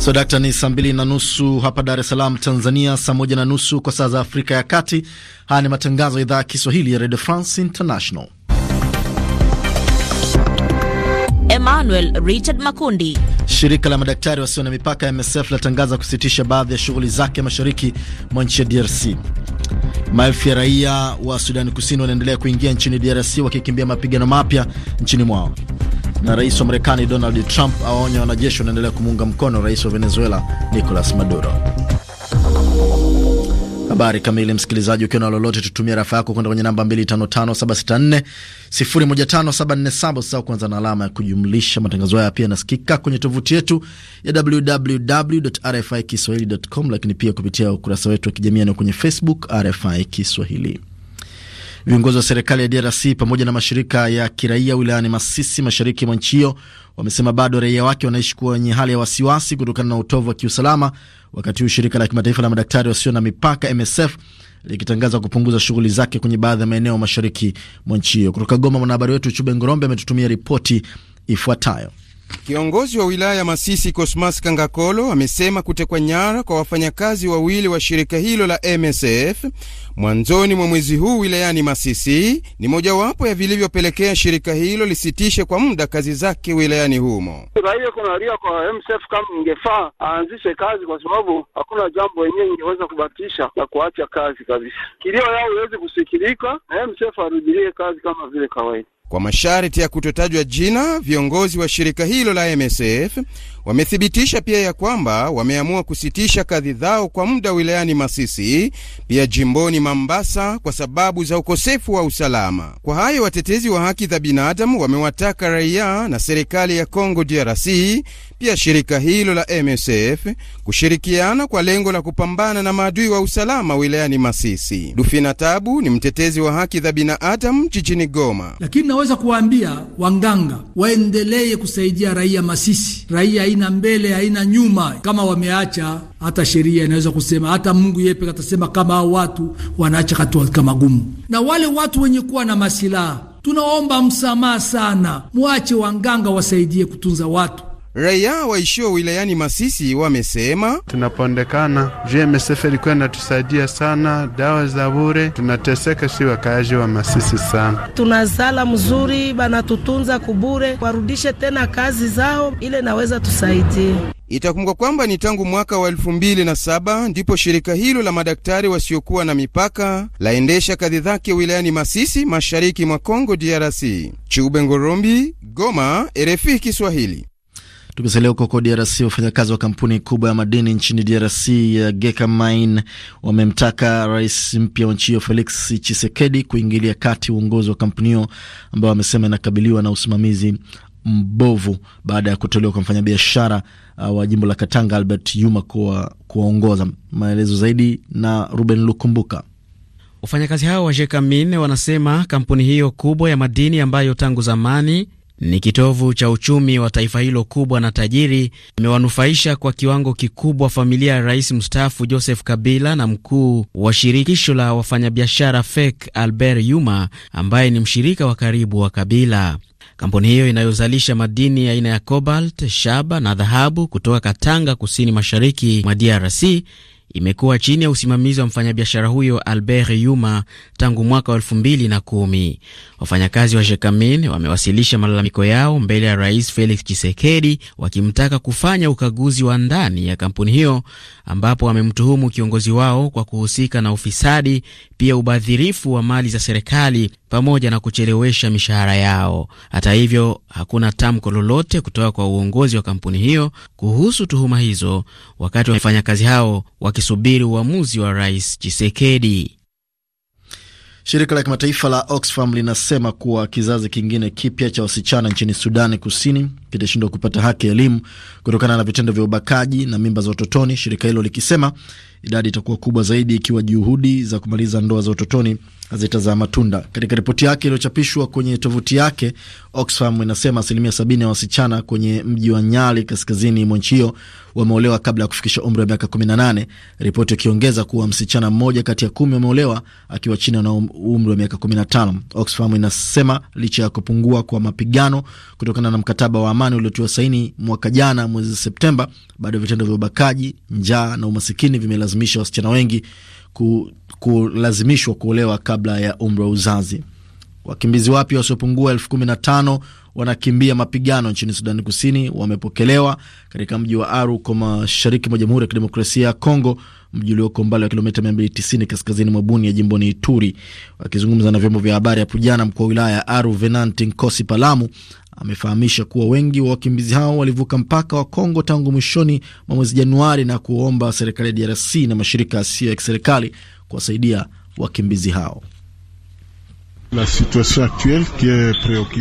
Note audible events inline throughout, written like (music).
So dakta, ni saa mbili na nusu hapa Dar es Salaam, Tanzania, saa moja na nusu kwa saa za Afrika ya Kati. Haya ni matangazo ya idhaa ya Kiswahili ya Redio France International. Emmanuel Richard Makundi. Shirika la madaktari wasio na mipaka MSF latangaza kusitisha baadhi ya shughuli zake mashariki mwa nchi ya DRC. Maelfu ya raia wa Sudani Kusini wanaendelea kuingia nchini DRC wakikimbia mapigano mapya nchini mwao. Na rais wa Marekani Donald Trump awaonya wanajeshi wanaendelea kumuunga mkono rais wa Venezuela Nicolas Maduro. Habari kamili, msikilizaji, ukiwa na lolote, tutumia rafa yako kwenda kwenye namba 255764015747 sasa kuanza na alama ya kujumlisha. Matangazo haya pia yanasikika kwenye tovuti yetu ya www.rfikiswahili.com, lakini pia kupitia ukurasa wetu wa kijamii yaani kwenye Facebook RFI Kiswahili. Viongozi wa serikali ya DRC pamoja na mashirika ya kiraia wilayani Masisi, mashariki mwa nchi hiyo, wamesema bado raia wake wanaishi kwenye hali ya wasiwasi kutokana na utovu wa kiusalama, wakati huu shirika la kimataifa la madaktari wasio na mipaka MSF likitangaza kupunguza shughuli zake kwenye baadhi ya maeneo mashariki mwa nchi hiyo. Kutoka Goma, mwanahabari wetu Chube Ngorombe ametutumia ripoti ifuatayo. Kiongozi wa wilaya Masisi Cosmas Kangakolo amesema kutekwa nyara kwa wafanyakazi wawili wa shirika hilo la MSF mwanzoni mwa mwezi huu wilayani Masisi ni mojawapo ya vilivyopelekea shirika hilo lisitishe kwa muda kazi zake wilayani humo. Raia kunalia kwa MSF kama ingefaa aanzishe kazi, kwa sababu hakuna jambo yenyewe ingeweza kubatisha na kuacha kazi kabisa. Kilio yao iwezi kusikilika na MSF arudilie kazi kama vile kawaida kwa masharti ya kutotajwa jina. Viongozi wa shirika hilo la MSF Wamethibitisha pia ya kwamba wameamua kusitisha kadhi zao kwa muda wilayani Masisi, pia jimboni Mambasa kwa sababu za ukosefu wa usalama. Kwa hayo, watetezi wa haki za binadamu wamewataka raia na serikali ya congo DRC pia shirika hilo la MSF kushirikiana kwa lengo la kupambana na maadui wa usalama wilayani Masisi. Dufina Tabu ni mtetezi wa haki za binadamu jijini Goma. Lakini naweza kuwaambia wanganga waendelee kusaidia raia Masisi, raia haina mbele, haina nyuma. Kama wameacha hata sheria inaweza kusema, hata Mungu yeye pekee atasema kama hao watu wanaacha katika magumu. Na wale watu wenye kuwa na masilaha, tunaomba msamaha sana, mwache wanganga wasaidie kutunza watu Raia waishio wilayani Masisi wamesema tunapondekana, GMSF ilikuwa inatusaidia sana, dawa za bure. Tunateseka si wakaaji wa Masisi sana, tunazala mzuri, banatutunza kubure, warudishe tena kazi zao, ile naweza tusaidie Itakumbuka kwamba ni tangu mwaka wa elfu mbili na saba ndipo shirika hilo la madaktari wasiokuwa na mipaka laendesha kadhi zake wilayani Masisi, mashariki mwa congo DRC. Chube Ngorombi, Goma, RFI Kiswahili. Tukisalia huko huko DRC, wafanyakazi wa kampuni kubwa ya madini nchini DRC ya Geka Mine wamemtaka rais mpya wa nchi hiyo Felix Chisekedi kuingilia kati uongozi wa kampuni hiyo ambayo wamesema inakabiliwa na usimamizi mbovu baada ya kutolewa kwa mfanyabiashara uh, wa jimbo la Katanga Albert Yuma kuwaongoza. Maelezo zaidi na Ruben Lukumbuka. Wafanyakazi hao wa Jekamin wanasema kampuni hiyo kubwa ya madini ambayo tangu zamani ni kitovu cha uchumi wa taifa hilo kubwa na tajiri, imewanufaisha kwa kiwango kikubwa familia ya rais mstaafu Joseph Kabila na mkuu wa shirikisho la wafanyabiashara FEC Albert Yuma ambaye ni mshirika wa karibu wa Kabila. Kampuni hiyo inayozalisha madini aina ya cobalt, shaba na dhahabu kutoka Katanga, kusini mashariki mwa DRC imekuwa chini ya usimamizi wa mfanyabiashara huyo Albert Yuma tangu mwaka wa elfu mbili na kumi. Wafanyakazi wa Jekamin wamewasilisha malalamiko yao mbele ya Rais Felix Chisekedi wakimtaka kufanya ukaguzi wa ndani ya kampuni hiyo, ambapo wamemtuhumu kiongozi wao kwa kuhusika na ufisadi, pia ubadhirifu wa mali za serikali pamoja na kuchelewesha mishahara yao. Hata hivyo, hakuna tamko lolote kutoka kwa uongozi wa kampuni hiyo kuhusu tuhuma hizo, wakati wafanyakazi hao wakisubiri uamuzi wa Rais Chisekedi. Shirika la kimataifa la Oxfam linasema kuwa kizazi kingine kipya cha wasichana nchini Sudani Kusini kitashindwa kupata haki ya elimu kutokana na vitendo vya ubakaji na mimba za utotoni, shirika hilo likisema idadi itakuwa kubwa zaidi ikiwa juhudi za kumaliza ndoa za utotoni hazitazaa matunda. Katika ripoti yake iliyochapishwa kwenye tovuti yake, Oxfam inasema asilimia sabini ya wasichana kwenye mji wa Nyali kaskazini mwa nchi hiyo wameolewa kabla ya kufikisha umri wa miaka 18, ripoti ikiongeza kuwa msichana mmoja kati ya kumi wameolewa akiwa chini na um-, umri wa miaka 15. Oxfam inasema licha ya kupungua kwa mapigano kutokana na mkataba wa amani uliotiwa saini mwaka jana mwezi Septemba, bado vitendo vya ubakaji, njaa na umasikini vimela kuwalazimisha wasichana wengi ku, kulazimishwa kuolewa kabla ya umri wa uzazi. Wakimbizi wapya wasiopungua elfu kumi na tano wanakimbia mapigano nchini Sudani Kusini wamepokelewa katika mji wa Aru kwa mashariki mwa Jamhuri ya Kidemokrasia ya Kongo, mji ulioko mbali wa kilomita 290 kaskazini mwa Bunia jimboni Ituri. Wakizungumza na vyombo vya habari hapo jana, mkuu wa wilaya ya Aru Venanti Nkosi Palamu amefahamisha kuwa wengi wa wakimbizi hao walivuka mpaka wa Kongo tangu mwishoni mwa mwezi Januari na kuomba serikali ya DRC na mashirika yasiyo ya kiserikali kuwasaidia wakimbizi hao.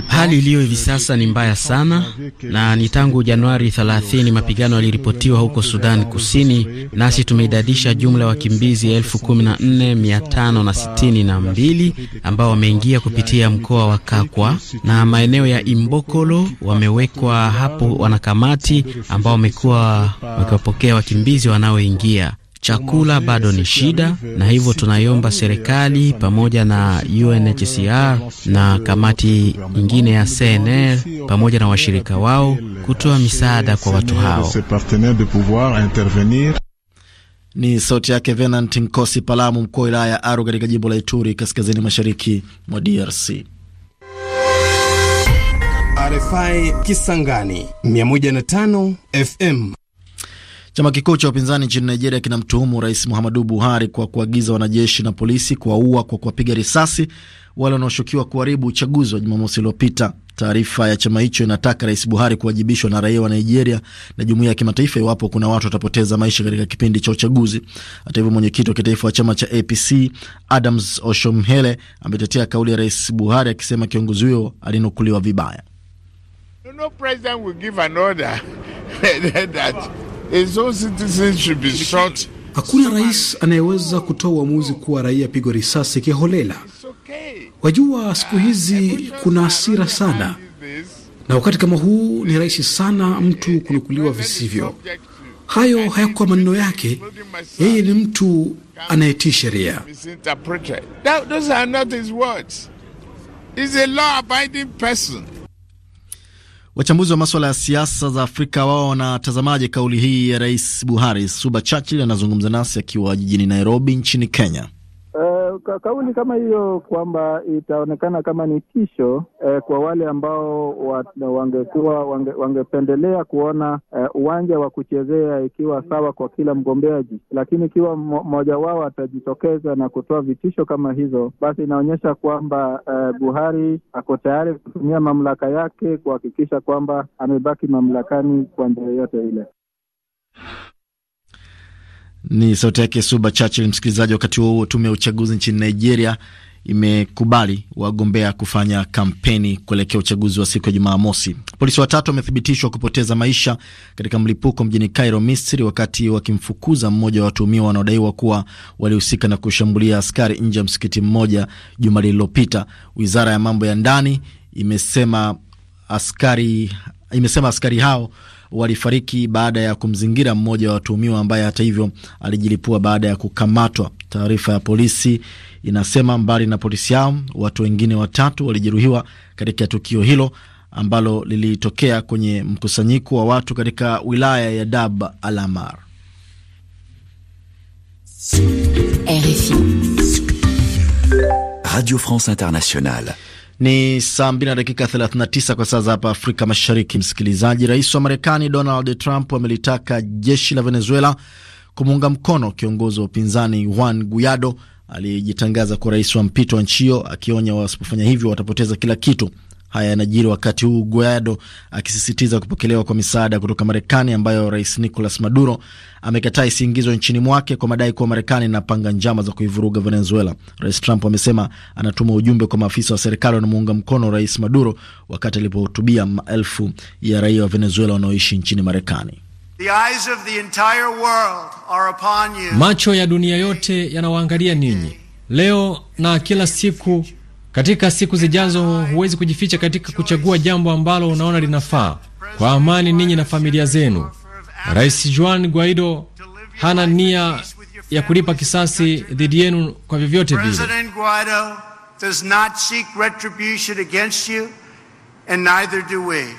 Hali iliyo hivi sasa ni mbaya sana, na ni tangu Januari 30 mapigano yaliripotiwa huko Sudan Kusini, nasi tumeidadisha jumla ya wakimbizi 14562 ambao wameingia kupitia mkoa wa Kakwa na maeneo ya Imbokolo. Wamewekwa hapo wanakamati ambao wamekuwa wakiwapokea wakimbizi wanaoingia chakula bado ni shida, na hivyo tunaiomba serikali pamoja na UNHCR na kamati nyingine ya CNR pamoja na washirika wao kutoa misaada kwa watu hao. Ni sauti yake Venant Nkosi Palamu, mkuu wa wilaya ya Aru katika jimbo la Ituri, kaskazini mashariki mwa DRC. RFI Kisangani 105 FM. Chama kikuu cha upinzani nchini Nigeria kinamtuhumu Rais Muhammadu Buhari kwa kuagiza wanajeshi na polisi kuwaua kwa kuwapiga risasi wale wanaoshukiwa kuharibu uchaguzi wa Jumamosi uliopita. Taarifa ya chama hicho inataka Rais Buhari kuwajibishwa na raia wa Nigeria na jumuiya ya kimataifa iwapo kuna watu watapoteza maisha katika kipindi cha uchaguzi. Hata hivyo, mwenyekiti wa kitaifa wa chama cha APC Adams Oshomhele ametetea kauli ya Rais Buhari akisema kiongozi huyo alinukuliwa vibaya. No, (laughs) Hakuna rais anayeweza kutoa uamuzi kuwa raia pigwa risasi kiholela. Wajua, siku hizi kuna hasira sana, na wakati kama huu ni rahisi sana mtu kunukuliwa visivyo. Hayo hayakuwa maneno yake, yeye ni mtu anayetii sheria. Those are not his words. He's a law-abiding person. Wachambuzi wa maswala ya siasa za Afrika wao wanatazamaje kauli hii ya Rais Buhari? Suba Churchill anazungumza nasi akiwa jijini Nairobi nchini Kenya ka, kauli kama hiyo kwamba itaonekana kama ni tisho eh, kwa wale ambao wa, wangekuwa wange, wangependelea kuona eh, uwanja wa kuchezea ikiwa sawa kwa kila mgombeaji, lakini ikiwa mmoja wao atajitokeza na kutoa vitisho kama hizo, basi inaonyesha kwamba eh, Buhari ako tayari kutumia mamlaka yake kuhakikisha kwamba amebaki mamlakani kwa njia yoyote ile. Ni sauti yake Suba Churchill, msikilizaji. Wakati huo huo, tume ya uchaguzi nchini Nigeria imekubali wagombea kufanya kampeni kuelekea uchaguzi wa siku ya Jumamosi. Polisi watatu wamethibitishwa kupoteza maisha katika mlipuko mjini Cairo, Misri, wakati wakimfukuza mmoja wa watuhumiwa wanaodaiwa kuwa walihusika na kushambulia askari nje ya msikiti mmoja juma lililopita. Wizara ya mambo ya ndani imesema askari, imesema askari hao walifariki baada ya kumzingira mmoja wa watuhumiwa ambaye hata hivyo alijilipua baada ya kukamatwa. Taarifa ya polisi inasema mbali na polisi hao, watu wengine watatu walijeruhiwa katika tukio hilo ambalo lilitokea kwenye mkusanyiko wa watu katika wilaya ya Dab Alamar. RFI Radio France Internationale. Ni saa mbili na dakika 39 kwa saa za hapa Afrika Mashariki. Msikilizaji, rais wa Marekani Donald Trump amelitaka jeshi la Venezuela kumuunga mkono kiongozi wa upinzani Juan Guaido aliyejitangaza kwa rais wa mpito wa nchi hiyo, akionya wasipofanya hivyo watapoteza kila kitu. Haya yanajiri wakati huu Guaido akisisitiza kupokelewa kwa misaada kutoka Marekani ambayo rais Nicolas Maduro amekataa isiingizwe nchini mwake kwa madai kuwa Marekani inapanga njama za kuivuruga Venezuela. Rais Trump amesema anatuma ujumbe kwa maafisa wa serikali wanamuunga mkono rais Maduro wakati alipohutubia maelfu ya raia wa Venezuela wanaoishi nchini Marekani. Macho ya dunia yote yanawaangalia ninyi leo na kila siku katika siku zijazo, huwezi kujificha katika kuchagua jambo ambalo unaona linafaa kwa amani ninyi na familia zenu. Rais Juan Guaido hana nia ya kulipa kisasi dhidi yenu kwa vyovyote vile. Does not seek retribution against you and neither do we.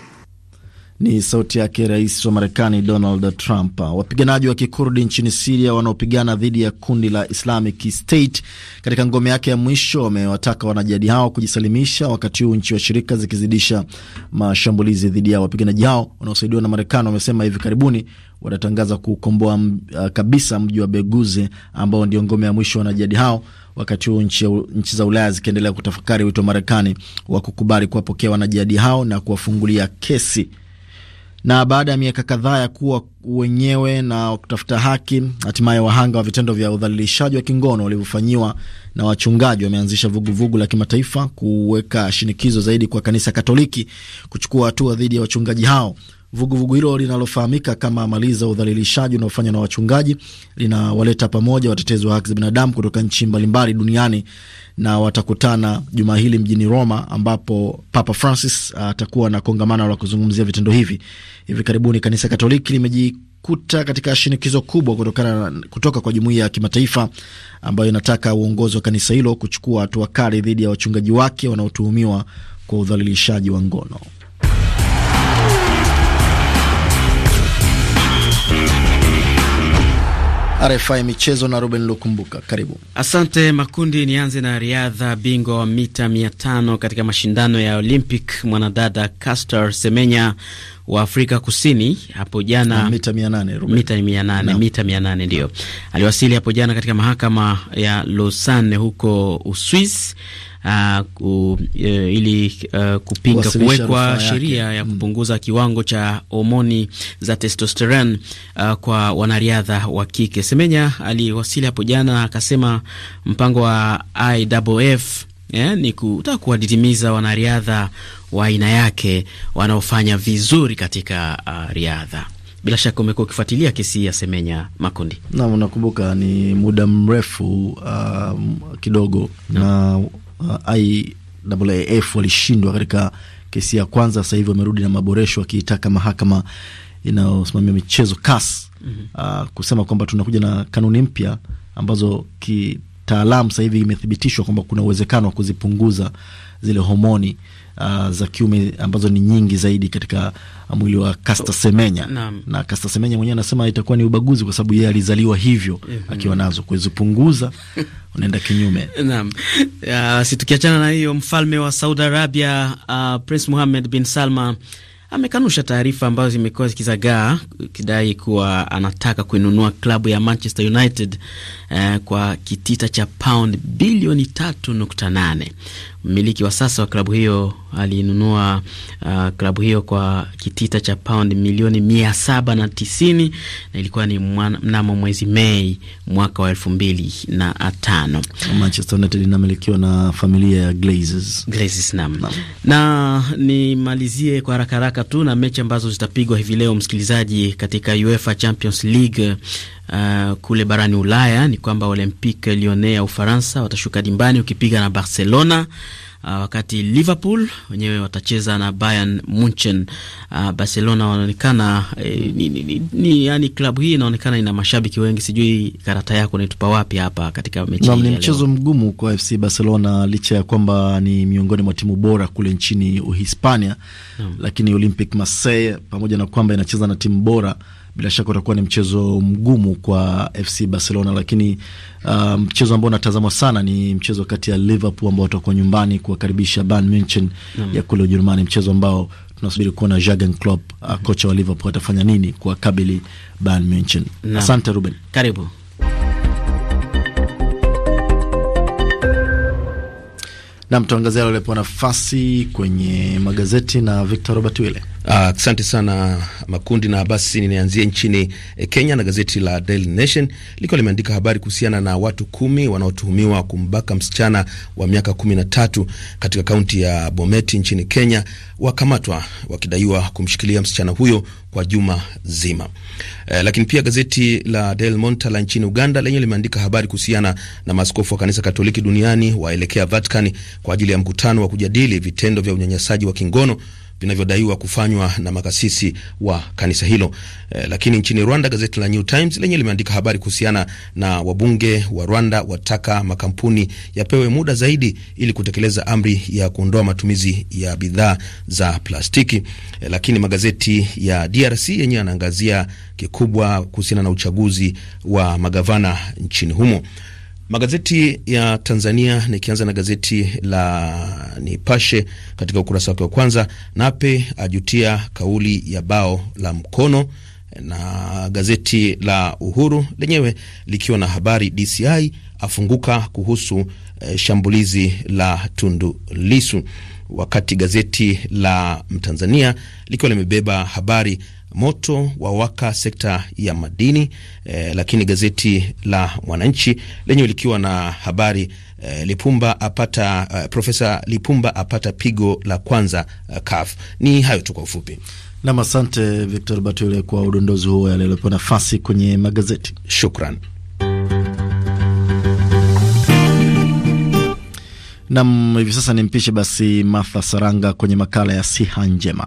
Ni sauti yake rais wa Marekani Donald Trump. Wapiganaji wa kikurdi nchini Siria wanaopigana dhidi ya kundi la Islamic State katika ngome yake ya mwisho wamewataka wanajihadi hao kujisalimisha, wakati huu nchi washirika zikizidisha mashambulizi dhidi yao. Wapiganaji hao wanaosaidiwa na Marekani wamesema hivi karibuni watatangaza kukomboa uh, kabisa mji wa Beguze ambao ndio ngome ya mwisho wanajihadi hao, wakati huu nchi, nchi za Ulaya zikiendelea kutafakari wito wa Marekani wa kukubali kuwapokea wanajihadi hao na kuwafungulia kesi. Na baada ya miaka kadhaa ya kuwa wenyewe na kutafuta haki, hatimaye wahanga wa vitendo vya udhalilishaji wa kingono walivyofanyiwa na wachungaji wameanzisha vuguvugu la kimataifa kuweka shinikizo zaidi kwa kanisa Katoliki kuchukua hatua dhidi ya wachungaji hao. Vuguvugu hilo linalofahamika kama Maliza Udhalilishaji unaofanywa na wachungaji linawaleta pamoja watetezi wa haki za binadamu kutoka nchi mbalimbali duniani na watakutana juma hili mjini Roma, ambapo Papa Francis atakuwa na kongamano la kuzungumzia vitendo hivi. Hivi karibuni kanisa Katoliki kuta katika shinikizo kubwa kutokana, kutoka kwa jumuiya ya kimataifa ambayo inataka uongozi wa kanisa hilo kuchukua hatua kali dhidi ya wachungaji wake wanaotuhumiwa kwa udhalilishaji wa ngono. RFI Michezo na Ruben Lukumbuka, karibu. Asante Makundi. Nianze na riadha. Bingwa wa mita 5 katika mashindano ya Olympic mwanadada castor Semenya wa Afrika Kusini hapo jana, mita 800, mita no. mita 800 ndio aliwasili hapo jana katika mahakama ya Lausanne huko Uswisi uh, ili uh, kupinga kuwekwa sheria ya hmm. kupunguza kiwango cha homoni za testosterone uh, kwa wanariadha wa kike. Semenya aliwasili hapo jana akasema mpango wa IAAF Yeah, ni kutaka kuwadidimiza wanariadha wa aina yake wanaofanya vizuri katika uh, riadha. Bila shaka umekuwa ukifuatilia kesi ya Semenya Makundi. Naam, nakumbuka ni muda mrefu uh, kidogo no. na uh, IAAF walishindwa katika kesi ya kwanza. Sasa hivi wamerudi na maboresho, wakiitaka mahakama inayosimamia michezo CAS mm -hmm. uh, kusema kwamba tunakuja na kanuni mpya ambazo kitaalamu sasa hivi imethibitishwa kwamba kuna uwezekano wa kuzipunguza zile homoni uh, za kiume ambazo ni nyingi zaidi katika mwili wa Caster Semenya na, na Caster Semenya mwenyewe anasema itakuwa ni ubaguzi kwa sababu yeye alizaliwa hivyo mm -hmm. akiwa nazo kuzipunguza (laughs) unaenda kinyume. Naam. Uh, si tukiachana na hiyo, mfalme wa Saudi Arabia uh, Prince Mohammed bin Salma amekanusha taarifa ambazo zimekuwa zikizagaa kidai kuwa anataka kuinunua klabu ya Manchester United Eh, kwa kitita cha pound bilioni 3.8. Mmiliki wa sasa wa klabu hiyo alinunua uh, klabu hiyo kwa kitita cha pound milioni 790 na ilikuwa ni mnamo mwezi Mei mwaka wa 2005. Manchester United inamilikiwa na familia ya Glazers. Glazers nam. Na, na nimalizie kwa haraka haraka tu na mechi ambazo zitapigwa hivi leo msikilizaji, katika UEFA Champions League uh, kule barani Ulaya ni kwamba Olympique Lyonnais ya Ufaransa watashuka dimbani ukipiga na Barcelona. Uh, wakati Liverpool wenyewe watacheza na Bayern Munchen. Uh, Barcelona wanaonekana eh, ni, ni, ni, yani klabu hii inaonekana ina mashabiki wengi. Sijui karata yako naitupa wapi hapa katika mechi hii? Ni mchezo mgumu kwa FC Barcelona licha ya kwamba ni miongoni mwa timu bora kule nchini Uhispania, hmm. Lakini Olympic Marseille pamoja na kwamba inacheza na timu bora bila shaka utakuwa ni mchezo mgumu kwa FC Barcelona, lakini uh, mchezo ambao unatazamwa sana ni mchezo kati ya Liverpool ambao watakuwa nyumbani kuwakaribisha Bayern Munich mm. ya kule Ujerumani, mchezo ambao tunasubiri kuona Jurgen Klopp uh, kocha wa Liverpool atafanya nini kuwakabili Bayern Munich. Asante Ruben, karibu. Nam, tuangazia aliyopewa nafasi kwenye magazeti na Victor Robert Wile. Ah, asante uh, sana makundi, na basi ninaanzia nchini eh, Kenya na gazeti la Daily Nation likiwa limeandika habari kuhusiana na watu kumi wanaotuhumiwa kumbaka msichana wa miaka kumi na tatu katika kaunti ya Bometi nchini Kenya wakamatwa wakidaiwa kumshikilia msichana huyo kwa juma zima. Eh, lakini pia gazeti la Del Monte la nchini Uganda lenye limeandika habari kuhusiana na maaskofu wa kanisa Katoliki duniani waelekea Vatican kwa ajili ya mkutano wa kujadili vitendo vya unyanyasaji wa kingono vinavyodaiwa kufanywa na makasisi wa kanisa hilo. Eh, lakini nchini Rwanda gazeti la New Times lenye limeandika habari kuhusiana na wabunge wa Rwanda wataka makampuni yapewe muda zaidi ili kutekeleza amri ya kuondoa matumizi ya bidhaa za plastiki. Eh, lakini magazeti ya DRC yenyewe yanaangazia kikubwa kuhusiana na uchaguzi wa magavana nchini humo. Magazeti ya Tanzania nikianza na gazeti la Nipashe katika ukurasa wake wa kwanza, Nape ajutia kauli ya bao la mkono, na gazeti la Uhuru lenyewe likiwa na habari DCI afunguka kuhusu eh, shambulizi la Tundu Lisu, wakati gazeti la Mtanzania likiwa limebeba habari moto wawaka sekta ya madini eh, lakini gazeti la Mwananchi lenyewe likiwa na habari eh, Lipumba apata eh, Profesa Lipumba apata pigo la kwanza eh, kaf. Ni hayo tu kwa ufupi. Nam, asante Victor Batule kwa udondozi huo yaliyopewa nafasi kwenye magazeti. Shukran. Nam, hivi sasa nimpishe basi Martha Saranga kwenye makala ya siha njema.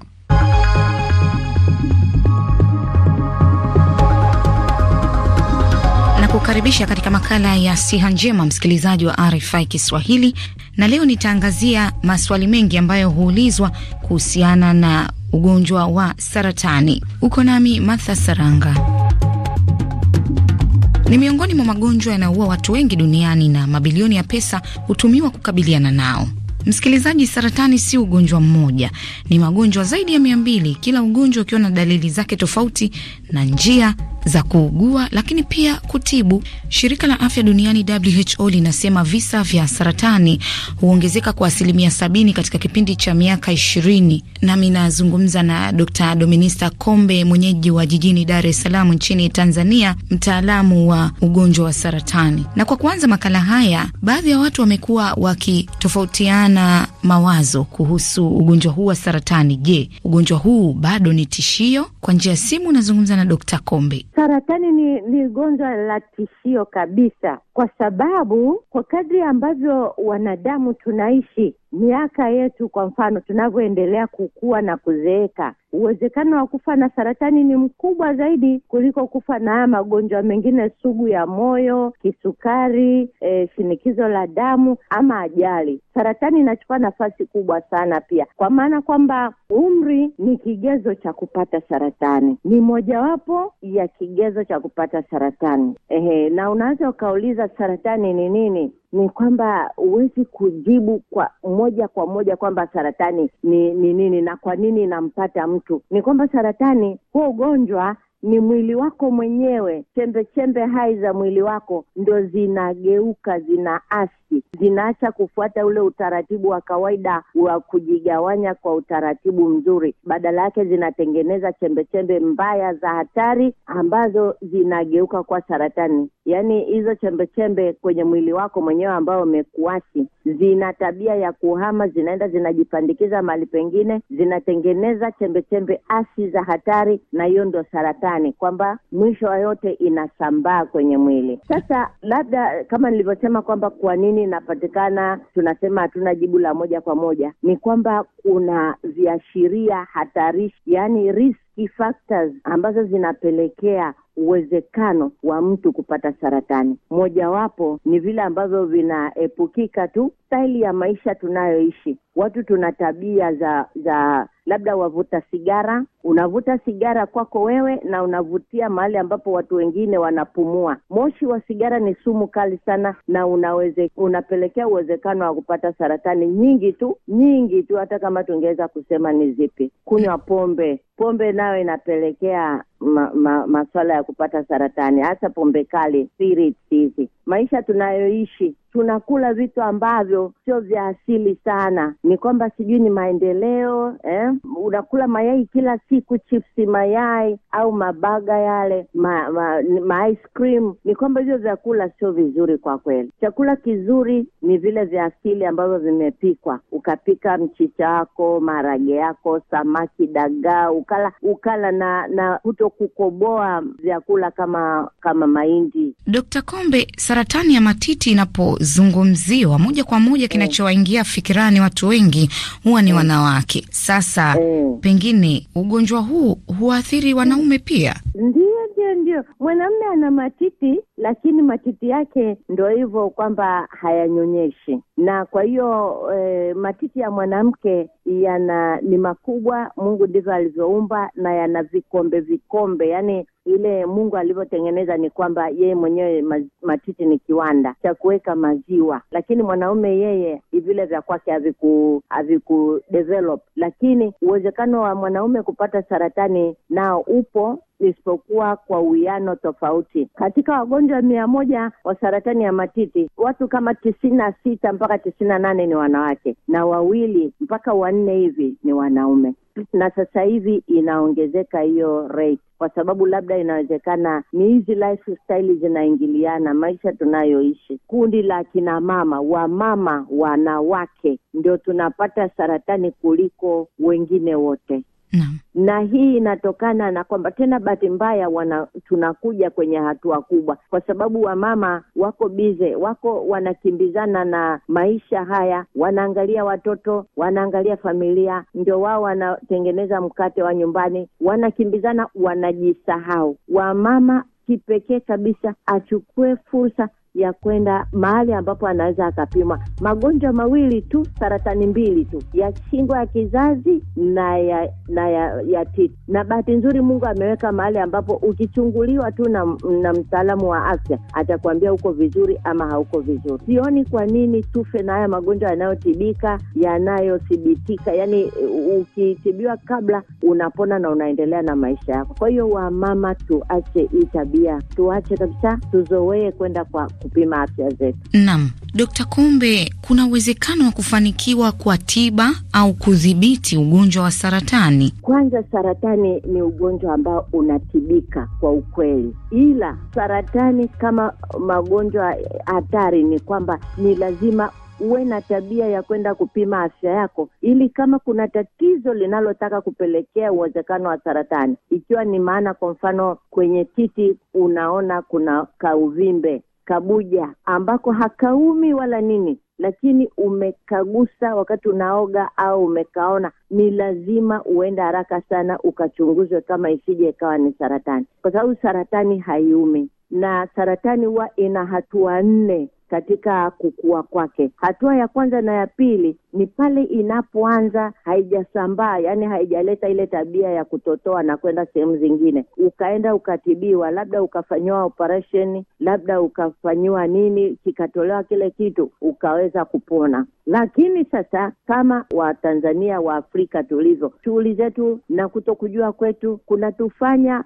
kukaribisha katika makala ya siha njema, msikilizaji wa RFI Kiswahili, na leo nitaangazia maswali mengi ambayo huulizwa kuhusiana na ugonjwa wa saratani. Uko nami Martha Saranga. Ni miongoni mwa magonjwa yanaua watu wengi duniani na mabilioni ya pesa hutumiwa kukabiliana nao. Msikilizaji, saratani si ugonjwa mmoja, ni magonjwa zaidi ya mia mbili, kila ugonjwa ukiwa na dalili zake tofauti na njia za kuugua lakini pia kutibu. Shirika la Afya Duniani WHO linasema visa vya saratani huongezeka kwa asilimia sabini katika kipindi cha miaka ishirini. Nami nazungumza na Dr. Dominista Kombe, mwenyeji wa jijini Dar es Salaam nchini Tanzania, mtaalamu wa ugonjwa wa saratani. Na kwa kuanza makala haya, baadhi ya watu wamekuwa wakitofautiana mawazo kuhusu ugonjwa huu wa saratani. Je, ugonjwa huu bado ni tishio kwa njia ya simu unazungumza na Dokta Kombe. Saratani ni, ni gonjwa la tishio kabisa, kwa sababu kwa kadri ambavyo wanadamu tunaishi miaka yetu, kwa mfano tunavyoendelea kukua na kuzeeka, uwezekano wa kufa na saratani ni mkubwa zaidi kuliko kufa na haya magonjwa mengine sugu ya moyo, kisukari, e, shinikizo la damu ama ajali. Saratani inachukua nafasi kubwa sana pia, kwa maana kwamba umri ni kigezo cha kupata saratani saratani ni mojawapo ya kigezo cha kupata saratani. Ehe, na unaweza ukauliza saratani ni nini? Ni kwamba huwezi kujibu kwa moja kwa moja kwamba saratani ni nini ni, nini na kwa nini inampata mtu. Ni kwamba saratani huo ugonjwa ni mwili wako mwenyewe, chembe chembe hai za mwili wako ndo zinageuka, zinaasi, zinaacha kufuata ule utaratibu wa kawaida wa kujigawanya kwa utaratibu mzuri, badala yake zinatengeneza chembe chembe mbaya za hatari ambazo zinageuka kwa saratani yaani hizo chembe chembe kwenye mwili wako mwenyewe ambao umekuasi zina tabia ya kuhama, zinaenda zinajipandikiza mahali pengine, zinatengeneza chembe chembe asi za hatari, na hiyo ndo saratani, kwamba mwisho wa yote inasambaa kwenye mwili. Sasa labda kama nilivyosema kwamba kwa nini inapatikana, tunasema hatuna jibu la moja kwa moja, ni kwamba kuna viashiria hatarishi, yaani risk factors ambazo zinapelekea uwezekano wa mtu kupata saratani. Mojawapo ni vile ambavyo vinaepukika tu, staili ya maisha tunayoishi. Watu tuna tabia za za labda wavuta sigara, unavuta sigara kwako wewe na unavutia mahali ambapo watu wengine wanapumua. Moshi wa sigara ni sumu kali sana, na unaweze, unapelekea uwezekano wa kupata saratani nyingi tu nyingi tu, hata kama tungeweza kusema ni zipi. Kunywa pombe, pombe nayo inapelekea ma, ma, maswala ya kupata saratani, hasa pombe kali, spirits hizi maisha tunayoishi tunakula vitu ambavyo sio vya asili sana, ni kwamba sijui ni maendeleo eh? Unakula mayai kila siku, chipsi mayai au mabaga yale ma, ma, ma ice cream. Ni kwamba hivyo vyakula sio vizuri kwa kweli. Chakula kizuri ni vile vya asili ambavyo vimepikwa, ukapika mchicha wako, maharage yako, samaki, dagaa, ukala ukala na na kuto kukoboa vyakula kama kama mahindi. Kombe, saratani ya matiti inapozungumziwa moja kwa moja, kinachowaingia fikirani watu wengi huwa ni wanawake. Sasa mm, pengine ugonjwa huu huathiri wanaume pia? Ndio, ndio, ndio. mwanaume ana matiti lakini matiti yake ndo hivyo kwamba hayanyonyeshi, na kwa hiyo e, matiti ya mwanamke yana ni makubwa. Mungu ndivyo alivyoumba, na yana vikombe vikombe, yani ile Mungu alivyotengeneza ni kwamba yeye mwenyewe matiti ni kiwanda cha kuweka maziwa, lakini mwanaume yeye vile vya kwake haviku lakini uwezekano wa mwanaume kupata saratani nao upo, isipokuwa kwa uwiano tofauti. Katika wagonjwa mia moja wa saratani ya matiti, watu kama tisini na sita mpaka tisini na nane ni wanawake na wawili mpaka wanne hivi ni wanaume na sasa hivi inaongezeka hiyo rate kwa sababu labda inawezekana ni hizi lifestyle zinaingiliana, maisha tunayoishi. Kundi la kinamama, wamama, wanawake ndio tunapata saratani kuliko wengine wote na, hii inatokana na kwamba tena bahati mbaya wana tunakuja kwenye hatua kubwa, kwa sababu wamama wako bize, wako wanakimbizana na maisha haya, wanaangalia watoto, wanaangalia familia, ndio wao wanatengeneza mkate wa nyumbani, wanakimbizana, wanajisahau. Wamama kipekee kabisa achukue fursa ya kwenda mahali ambapo anaweza akapimwa magonjwa mawili tu, saratani mbili tu, ya shingo ya kizazi na ya na ya, ya titi. Na bahati nzuri Mungu ameweka mahali ambapo ukichunguliwa tu na, na mtaalamu wa afya atakuambia uko vizuri ama hauko vizuri. Sioni kwa nini tufe na haya magonjwa yanayotibika yanayothibitika, yani ukitibiwa kabla unapona na unaendelea na maisha yako. Kwa hiyo wamama, tuache hii tabia, tuache kabisa, tuzoee kwenda kwa kupima afya zetu. Naam, Dkt. Kombe, kuna uwezekano wa kufanikiwa kwa tiba au kudhibiti ugonjwa wa saratani? Kwanza, saratani ni ugonjwa ambao unatibika kwa ukweli, ila saratani kama magonjwa hatari ni kwamba ni lazima uwe na tabia ya kwenda kupima afya yako, ili kama kuna tatizo linalotaka kupelekea uwezekano wa saratani, ikiwa ni maana, kwa mfano kwenye titi unaona kuna kauvimbe kabuja ambako hakaumi wala nini lakini umekagusa wakati unaoga au umekaona, ni lazima uenda haraka sana ukachunguzwe, kama isije ikawa ni saratani, kwa sababu saratani haiumi, na saratani huwa ina hatua nne katika kukua kwake. Hatua ya kwanza na ya pili ni pale inapoanza haijasambaa, yani haijaleta ile tabia ya kutotoa na kwenda sehemu zingine, ukaenda ukatibiwa, labda ukafanyiwa operesheni, labda ukafanyiwa nini, kikatolewa kile kitu, ukaweza kupona. Lakini sasa kama Watanzania wa Afrika tulivyo, shughuli zetu na kuto kujua kwetu kunatufanya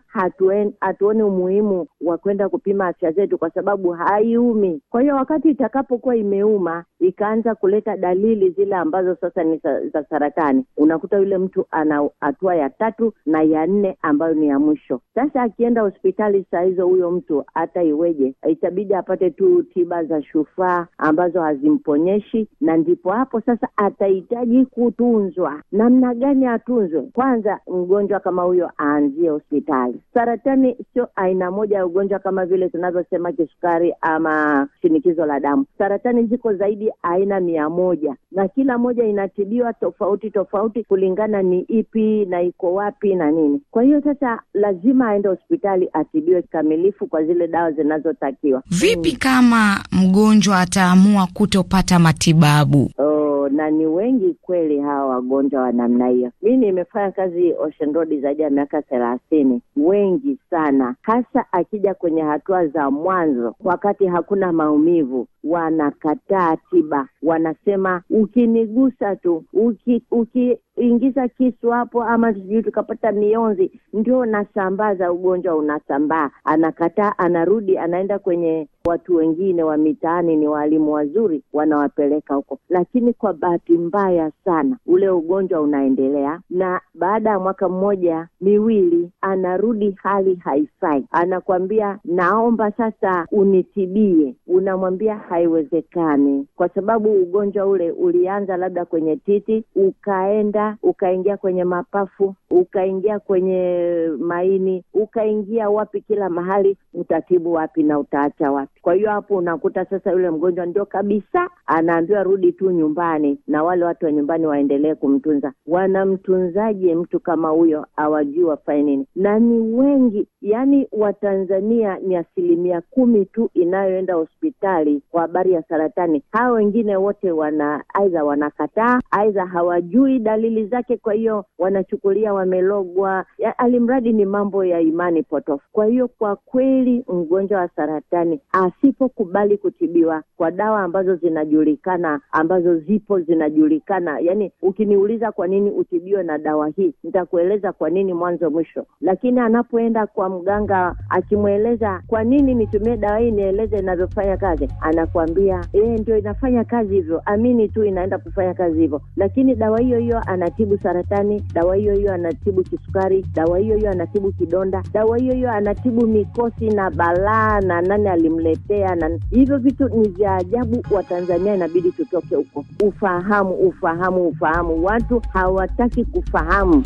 hatuoni umuhimu wa kwenda kupima afya zetu, kwa sababu haiumi. Kwa hiyo wakati itakapokuwa imeuma ikaanza kuleta dalili zile mila ambazo sasa ni za, za saratani, unakuta yule mtu ana hatua ya tatu na ya nne ambayo ni ya mwisho. Sasa akienda hospitali saa hizo, huyo mtu hata iweje, itabidi apate tu tiba za shufaa ambazo hazimponyeshi, na ndipo hapo sasa atahitaji kutunzwa. Namna gani atunzwe? Kwanza mgonjwa kama huyo aanzie hospitali. Saratani sio aina moja ya ugonjwa kama vile tunavyosema kisukari ama shinikizo la damu. Saratani ziko zaidi aina mia moja na kila kila moja inatibiwa tofauti tofauti kulingana ni ipi na iko wapi na nini. Kwa hiyo sasa lazima aende hospitali atibiwe kikamilifu kwa zile dawa zinazotakiwa. Vipi kama mgonjwa ataamua kutopata matibabu? oh na ni wengi kweli hawa wagonjwa wa namna hiyo. Mi nimefanya kazi Ocean Road zaidi ya miaka thelathini, wengi sana, hasa akija kwenye hatua za mwanzo, wakati hakuna maumivu, wanakataa tiba, wanasema ukinigusa tu uki, uki ingiza kisu hapo, ama sijui tukapata mionzi, ndio nasambaza ugonjwa, unasambaa. Anakataa, anarudi, anaenda kwenye watu wengine wa mitaani, ni waalimu wazuri, wanawapeleka huko, lakini kwa bahati mbaya sana ule ugonjwa unaendelea, na baada ya mwaka mmoja miwili anarudi, hali haifai, anakwambia naomba sasa unitibie. Unamwambia haiwezekani, kwa sababu ugonjwa ule ulianza labda kwenye titi ukaenda ukaingia kwenye mapafu, ukaingia kwenye maini, ukaingia wapi, kila mahali. Utatibu wapi na utaacha wapi? Kwa hiyo hapo unakuta sasa yule mgonjwa ndio kabisa anaambiwa rudi tu nyumbani, na wale watu wa nyumbani waendelee kumtunza. Wanamtunzaje mtu kama huyo? Hawajui wafanye nini, na ni wengi. Yaani Watanzania ni asilimia kumi tu inayoenda hospitali kwa habari ya saratani. Hawa wengine wote wana aidha wanakataa aidha hawajui dalili akili zake, kwa hiyo wanachukulia wamelogwa. Alimradi ni mambo ya imani potofu. Kwa hiyo kwa kweli mgonjwa wa saratani asipokubali kutibiwa kwa dawa ambazo zinajulikana, ambazo zipo zinajulikana, yani ukiniuliza kwa nini utibiwe na dawa hii, nitakueleza kwa nini mwanzo mwisho, lakini anapoenda kwa mganga akimweleza kwa nini nitumie dawa hii, nieleze inavyofanya kazi, anakuambia yeye eh, ndio inafanya kazi hivyo, amini tu inaenda kufanya kazi hivyo, lakini dawa hiyo hiyo ana anatibu saratani, dawa hiyo hiyo anatibu kisukari, dawa hiyo hiyo anatibu kidonda, dawa hiyo hiyo anatibu mikosi na balaa na nani alimletea, na hivyo vitu ni vya ajabu. Watanzania inabidi tutoke huko, ufahamu, ufahamu, ufahamu. Watu hawataki kufahamu.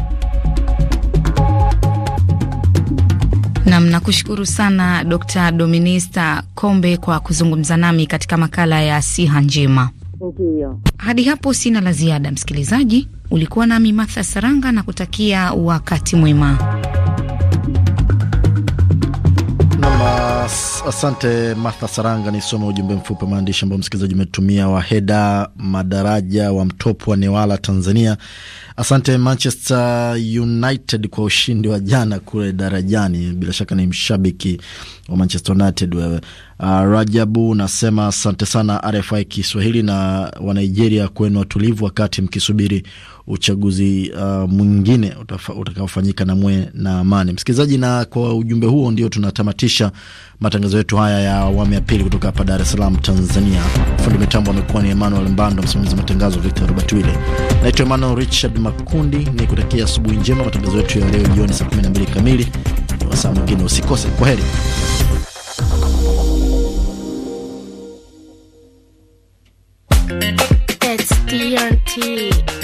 Nam, nakushukuru sana Dr. Dominista Kombe kwa kuzungumza nami katika makala ya Siha Njema. Ndiyo, hadi hapo sina la ziada, msikilizaji. Ulikuwa nami Martha Saranga na kutakia wakati mwema. Asante Martha Saranga. Nisome ujumbe mfupi wa maandishi ambao msikilizaji umetumia. Waheda Madaraja wa Mtopo wa Newala, Tanzania. Asante Manchester United kwa ushindi wa jana kule Darajani. Bila shaka ni mshabiki wa Manchester United wewe. Uh, Rajabu nasema asante sana RFI Kiswahili na Wanigeria, kwenu watulivu wakati mkisubiri uchaguzi uh, mwingine utakaofanyika na mwe na amani. Msikilizaji, na kwa ujumbe huo ndio tunatamatisha matangazo yetu haya ya awamu ya pili kutoka hapa Dar es Salaam, Tanzania. Fundi mitambo amekuwa ni Emmanuel Mbando, msimamizi matangazo Victor Robert Wile. Naitwa Emmanuel Richard Makundi ni kutakia asubuhi njema. Matangazo yetu ya leo jioni saa 12 kamili na mwingine usikose. Kwa heri. It's DRT.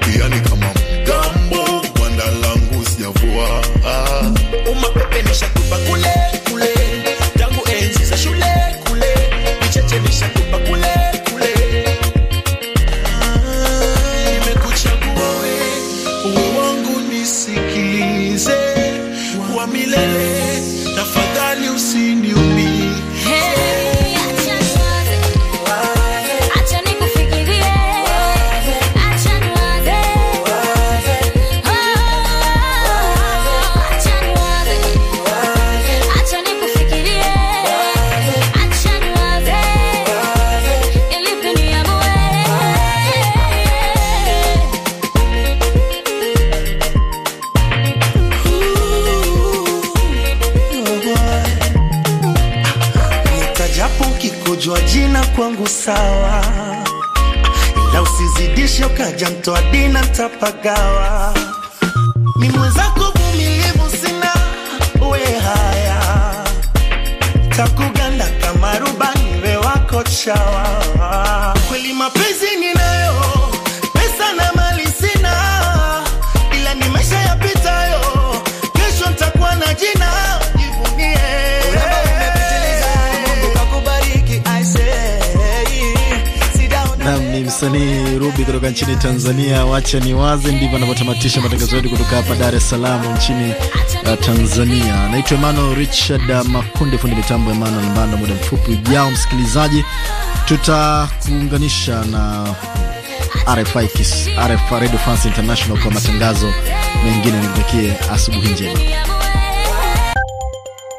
kujua yani kama mtambo gwanda langu sijavua umapepenisha jina kwangu sawa, ila usizidishe ukaja mtoa dina, tapagawa mi mwenzako vumilivu sina we haya takuganda kama rubani we wako chawa nchini Tanzania. Wacha ni waze, ndivyo anavyotamatisha matangazo yetu kutoka hapa Dar es Salaam nchini uh, Tanzania. Naitwa Emmanuel Richard uh, Makunde, fundi mitambo Emmanuel Mbanda. Muda mfupi ujao, msikilizaji, tutakuunganisha na RFI Kiss, RFI Radio France International kwa matangazo mengine. Nikutakie asubuhi njema.